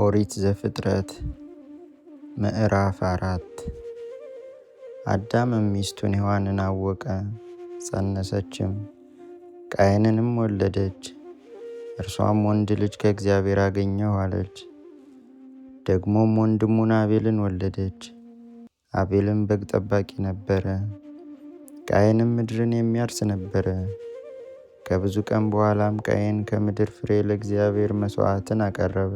ኦሪት ዘፍጥረት ምዕራፍ አራት አዳምም ሚስቱን ሔዋንን አወቀ፣ ጸነሰችም፣ ቃየንንም ወለደች። እርሷም ወንድ ልጅ ከእግዚአብሔር አገኘሁ አለች። ደግሞም ወንድሙን አቤልን ወለደች። አቤልም በግ ጠባቂ ነበረ፣ ቃየንም ምድርን የሚያርስ ነበረ። ከብዙ ቀን በኋላም ቃየን ከምድር ፍሬ ለእግዚአብሔር መሥዋዕትን አቀረበ።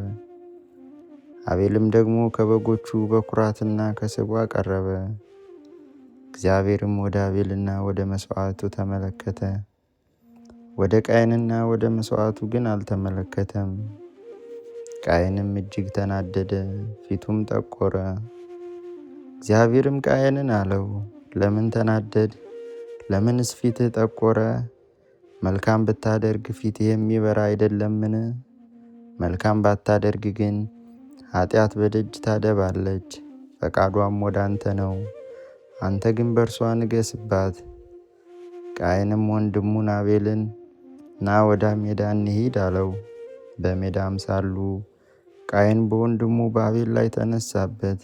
አቤልም ደግሞ ከበጎቹ በኩራትና ከስቡ አቀረበ። እግዚአብሔርም ወደ አቤልና ወደ መሥዋዕቱ ተመለከተ፣ ወደ ቃየንና ወደ መሥዋዕቱ ግን አልተመለከተም። ቃየንም እጅግ ተናደደ፣ ፊቱም ጠቆረ። እግዚአብሔርም ቃየንን አለው፣ ለምን ተናደድ? ለምንስ ፊትህ ጠቆረ? መልካም ብታደርግ ፊትህ የሚበራ አይደለምን? መልካም ባታደርግ ግን ኃጢአት በደጅ ታደባለች፣ ፈቃዷም ወደ አንተ ነው። አንተ ግን በእርሷ ንገስባት። ቃይንም ወንድሙን አቤልን ና ወደ ሜዳ እንሂድ አለው። በሜዳም ሳሉ ቃይን በወንድሙ በአቤል ላይ ተነሳበት፣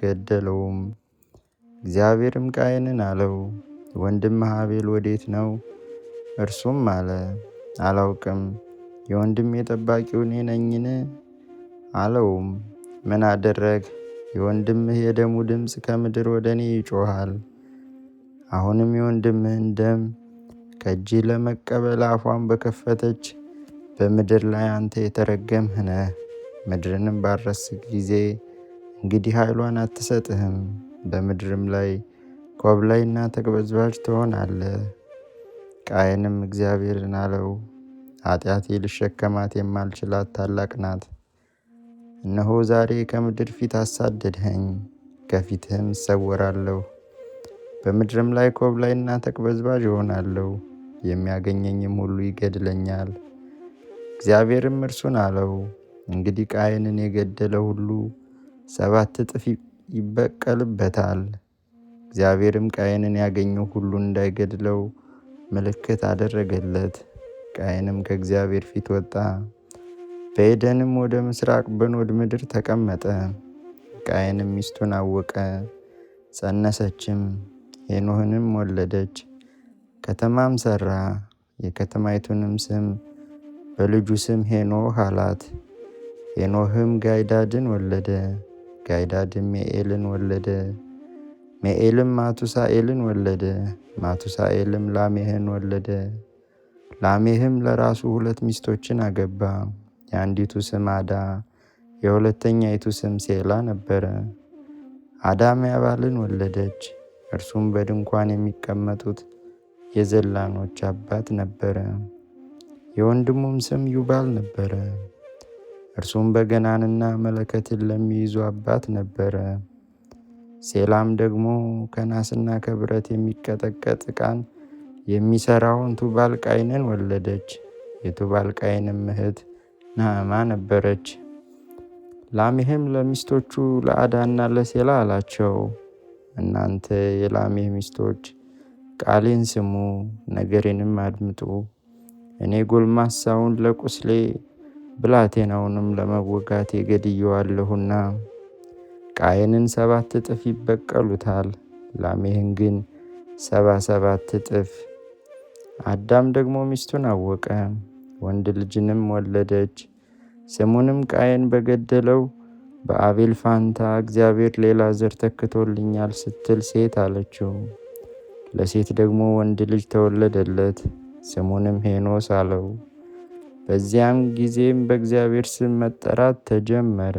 ገደለውም። እግዚአብሔርም ቃይንን አለው፣ ወንድምህ አቤል ወዴት ነው? እርሱም አለ አላውቅም፣ የወንድም ጠባቂው እኔ ነኝን? አለውም ምን አደረግ የወንድምህ የደሙ ድምፅ ከምድር ወደ እኔ ይጮሃል። አሁንም የወንድምህን ደም ከእጅ ለመቀበል አፏን በከፈተች በምድር ላይ አንተ የተረገምህ ነህ። ምድርንም ባረስ ጊዜ እንግዲህ ኃይሏን አትሰጥህም። በምድርም ላይ ኮብላይና ተቅበዝባዥ ትሆናለህ። ቃየንም እግዚአብሔርን አለው፣ ኃጢአቴ ልሸከማት የማልችላት ታላቅ ናት እነሆ ዛሬ ከምድር ፊት አሳደድኸኝ፣ ከፊትህም እሰወራለሁ። በምድርም ላይ ኮብላይና ተቅበዝባዥ እሆናለሁ፣ የሚያገኘኝም ሁሉ ይገድለኛል። እግዚአብሔርም እርሱን አለው፣ እንግዲህ ቃየንን የገደለ ሁሉ ሰባት እጥፍ ይበቀልበታል። እግዚአብሔርም ቃየንን ያገኘው ሁሉ እንዳይገድለው ምልክት አደረገለት። ቃየንም ከእግዚአብሔር ፊት ወጣ። በኤደንም ወደ ምስራቅ በኖድ ምድር ተቀመጠ። ቃየንም ሚስቱን አወቀ፣ ጸነሰችም፣ ሄኖህንም ወለደች። ከተማም ሰራ፣ የከተማይቱንም ስም በልጁ ስም ሄኖህ አላት። ሄኖህም ጋይዳድን ወለደ፣ ጋይዳድም ሜኤልን ወለደ፣ ሜኤልም ማቱሳኤልን ወለደ፣ ማቱሳኤልም ላሜህን ወለደ። ላሜህም ለራሱ ሁለት ሚስቶችን አገባ። የአንዲቱ ስም አዳ የሁለተኛይቱ ስም ሴላ ነበረ። አዳም ያባልን ወለደች። እርሱም በድንኳን የሚቀመጡት የዘላኖች አባት ነበረ። የወንድሙም ስም ዩባል ነበረ። እርሱም በገናንና መለከትን ለሚይዙ አባት ነበረ። ሴላም ደግሞ ከናስና ከብረት የሚቀጠቀጥ ዕቃን የሚሰራውን ቱባል ቃይንን ወለደች። የቱባል ቃይንም እህት ናዕማ ነበረች። ላሜህም ለሚስቶቹ ለአዳና ለሴላ አላቸው፣ እናንተ የላሜህ ሚስቶች ቃሌን ስሙ፣ ነገሬንም አድምጡ። እኔ ጎልማሳውን ለቁስሌ ብላቴናውንም ለመወጋት የገድየዋለሁና ቃየንን ሰባት እጥፍ ይበቀሉታል፣ ላሜህን ግን ሰባ ሰባት እጥፍ። አዳም ደግሞ ሚስቱን አወቀ። ወንድ ልጅንም ወለደች። ስሙንም ቃየን በገደለው በአቤል ፋንታ እግዚአብሔር ሌላ ዘር ተክቶልኛል ስትል ሴት አለችው። ለሴት ደግሞ ወንድ ልጅ ተወለደለት፣ ስሙንም ሄኖስ አለው። በዚያም ጊዜም በእግዚአብሔር ስም መጠራት ተጀመረ።